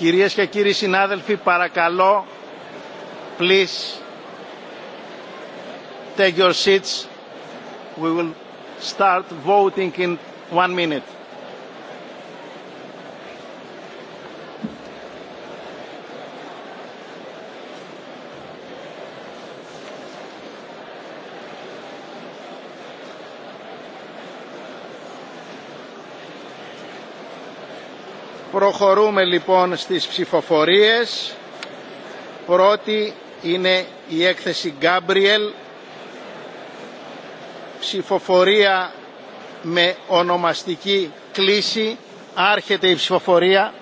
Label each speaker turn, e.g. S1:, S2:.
S1: Κυρίες και κύριοι συνάδελφοι, παρακαλώ, please take your seats. We will start voting in one minute. Προχωρούμε λοιπόν στις ψηφοφορίες. Πρώτη είναι η έκθεση Γκάμπριελ. Ψηφοφορία με ονομαστική κλίση. Άρχεται
S2: η ψηφοφορία.